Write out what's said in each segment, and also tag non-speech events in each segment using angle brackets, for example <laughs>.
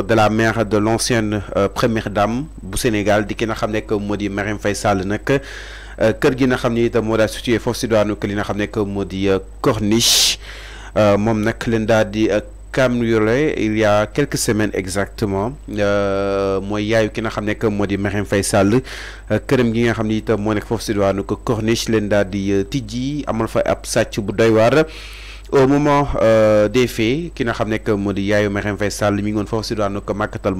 Euh, de la mère de l'ancienne euh, première dame du Sénégal di ki nga xam nekk moo di Marième Faye Sall nag euh, kër gi nga xam itam moo daal situé foofu si doonu li nga xam nekk moo Corniche mom nak len daal di cambriolé il y a quelques semaines exactement moy yaayu ki nga xam nekk moo di Marième Faye Sall këram gi nga xam ne itam moo nekk foofu si que Corniche len daal di tidji amul fa ab sàcc bu doy war au moment euh, des faits qui n'a jamais nekk au di yaayu Marième Faye Sall mi ngi woon foofu si daanu à màkkatal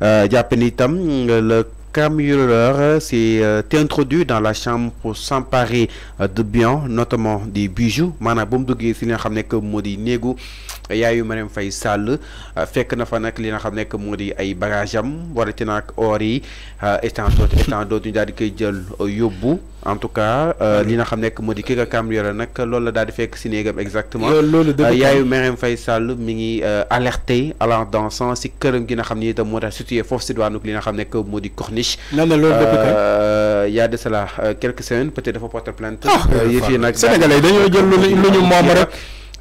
le camilleur euh, s'est euh, introduit dans la chambre pour s'emparer de biens notamment des bijoux manaboum de mu duggee si li nga xam yaayu Marième fay Sall euh, fekk na fa nag li nga xam nekk moo ay bagage am warati nak or yi et euh, tant d'autres et tant d'autres ñu daal koy jël euh, yobbu en tout cas li nga xam nekk moo di ki nga cambriolé nag loolu la daal di fekk si néegam exactement yaayu Marième fay Sall mi ngi alerté alors dans sens ci këram gi nga xam ne itam moo tax situé fof si diwaanu li nga xam nekk moo di il y a de cela quelques semaines peut-être dafa porter plainte ah, yëf yi nag sénégalais dañoo jël lu ñu moom rek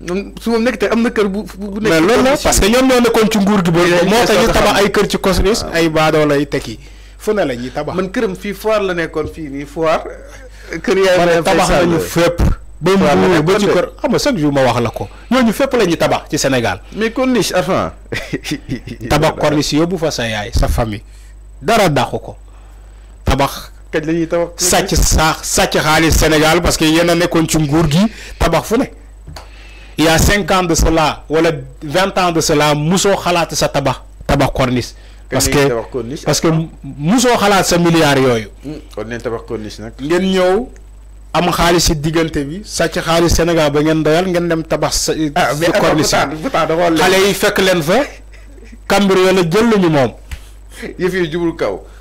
moom su ma nekk te am na kër bu bu nekk. mais loolu la parce que ñoom ñoo nekkoon ci nguur moo tax ñu tabax ay kër ci Cosmos. ay baadoo lay tekki fu ne la ñuy tabax. man këram fii foire la nekkoon fii nii foire. kër yaay tabax nañu fépp. ba mu ba ci kër ma wax la ko ñooñu fépp la ñuy tabax ci Sénégal. mais corniche avant. <laughs> tabax corniche yóbbu fa sa yaay sa famille. dara dàqu ko tabax. kañ la ñuy sàcc saax sàcc xaalis Sénégal parce que yéen nekkoon ci nguur gi tabax fu ne. yaa y a cinq ans de wala vingt ans de cela musoo xalaat sa tabax tabax corniche. parce que parce que musoo xalaat sa milliards yooyu. Hmm, kon neen tabax nag. ngeen ñëw am xaalis si diggante bi sàcc xaalis Sénégal ba ngeen doyal ngeen dem tabax sa. ah mais xale yi fekk leen fa. cambriolé la jël lañu moom. yëf yi jubul kaw.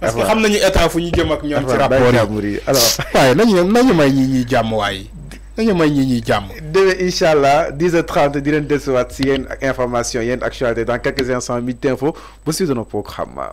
parce que ah, xam nañu état fu ñu jëm ak ñoom ah, ci rapport yi alors <laughs> waaye nañu nañu may ñi ñuy jàmm waaye nañu may ñi ñuy jàmm demain 10h30 di une information, il y information une actualité dans quelques instants Midi Info ba suivre nos programme